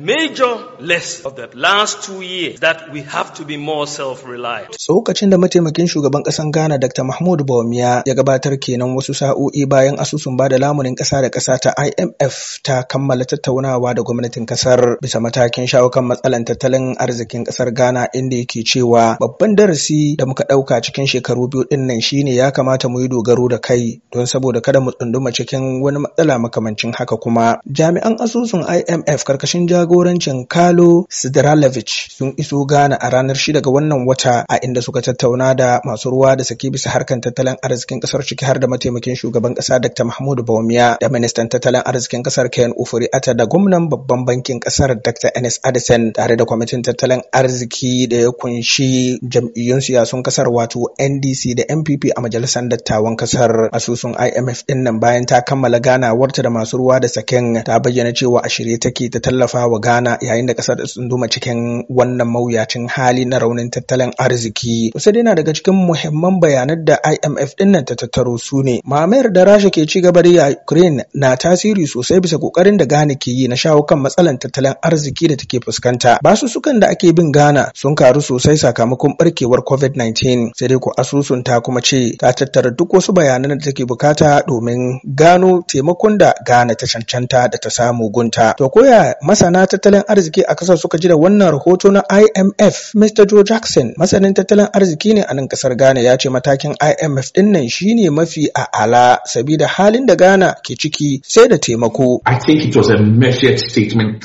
Major lesson of the last two years that we have to be more self-reliant. Tsokacin da mataimakin shugaban ƙasan Ghana Dr. Mahmud Bawumia ya gabatar kenan wasu sa'o'i bayan asusun ba da lamunin ƙasa da ƙasa ta IMF ta kammala tattaunawa da gwamnatin ƙasar bisa matakin shawo kan matsalan tattalin arzikin ƙasar Ghana inda yake cewa babban darasi da muka ɗauka cikin shekaru biyu ɗin nan shine ya kamata mu yi dogaro da kai don saboda kada mu tsunduma cikin wani matsala makamancin haka kuma. Jami'an asusun IMF karkashin jami'an jagorancin kalo Sidralovic sun iso Ghana a ranar shida ga wannan wata a inda suka tattauna da masu ruwa da sake bisa harkan tattalin arzikin kasar ciki har da mataimakin shugaban kasa Dr. mahmud Bawumia da ministan tattalin arzikin kasar Ken ufuri Ata da gwamnan babban bankin kasar Dr. Enes Addison tare da kwamitin tattalin arziki da ya kunshi jam'iyyun siyasun kasar wato NDC da MPP a majalisar dattawan kasar asusun IMF din nan bayan ta kammala warta da masu ruwa da saken ta bayyana cewa a shirye take ta tallafa wa Ghana yayin da kasar sun duma cikin wannan mawuyacin hali na raunin tattalin arziki. kusa dai na daga cikin muhimman bayanan da IMF din nan ta tattaro su ne. Mamayar da Rasha ke ci gaba da Ukraine na tasiri sosai bisa kokarin da Ghana ke yi na shawo kan matsalan tattalin arziki da take fuskanta. sukan da ake bin Ghana sun karu sosai sakamakon barkewar COVID-19. Sai dai ko asusun ta kuma ce ta tattara duk wasu bayanan da take bukata domin gano taimakon da Ghana ta cancanta da ta samu gunta. To koya masana tattalin arziki a kasar suka ji da wannan rahoto na IMF Mr. Joe Jackson masanin tattalin arziki ne a nan kasar Ghana ya ce matakin IMF ɗin nan shine mafi a ala. sabida halin da Ghana ke ciki sai da taimako. I think it was a measured statement.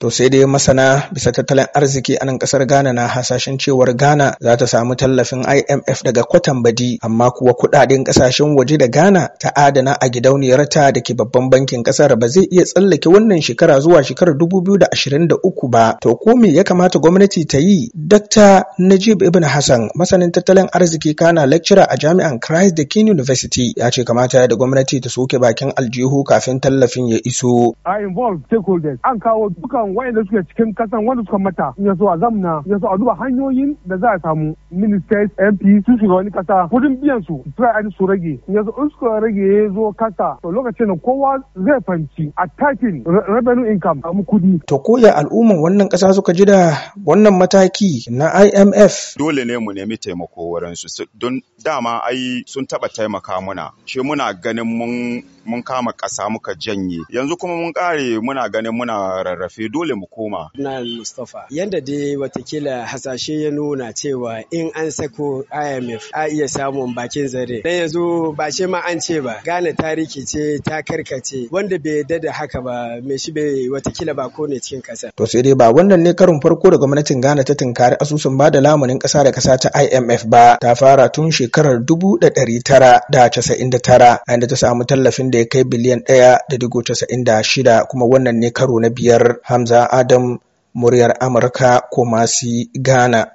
To sai dai masana bisa tattalin arziki a nan kasar Ghana na hasashen cewar Ghana za ta samu tallafin IMF daga kwatan badi amma kuwa kuɗaɗen ƙasashen waje da Ghana ta adana a gidauniyar ta da ke babban bankin ƙasar, ba zai iya tsallake wannan shekarar shekara zuwa shekarar 2023 ba to ko me ya kamata gwamnati ta yi Dr. Najib Ibn Hassan masanin tattalin arziki kana lecturer a jami'an Christ the King University ya ce kamata da gwamnati ta soke bakin aljihu kafin tallafin ya iso a involve stakeholders an kawo dukan wayanda suke cikin kasan wanda suka mata ya so a zamna ya so a duba hanyoyin da za a samu ministers MP su shiga wani kasa kudin biyan su try su rage ya so in suka rage ya zo kasa to lokacin da kowa zai fanci attacking revenue hannu in samu kudi. To koya al'umma wannan kasa suka ji da wannan mataki na IMF. Dole ne mu nemi taimako wurin su don dama ai sun taba taimaka muna. Shi muna ganin mun mun kama ƙasa muka janye yanzu kuma mun ƙare muna ganin muna rarrafe dole mu koma. Na Mustapha yanda dai watakila hasashe ya nuna cewa in an sako IMF a iya samun bakin zare. Dan yanzu ba ce ma an ce ba gane tarihi ce ta karkace wanda bai yarda da haka ba me shi bai watakila ba kone cikin ƙasa. To sai dai ba wannan ne karin farko da gwamnatin Ghana ta tunkari asusun ba da lamunin ƙasa da kasa ta IMF ba ta fara tun shekarar dubu da tara da da inda ta samu tallafin da ya kai biliyan ɗaya da digo shida kuma wannan ne karo na biyar Hamza Adam muryar Amurka Kumasi Ghana.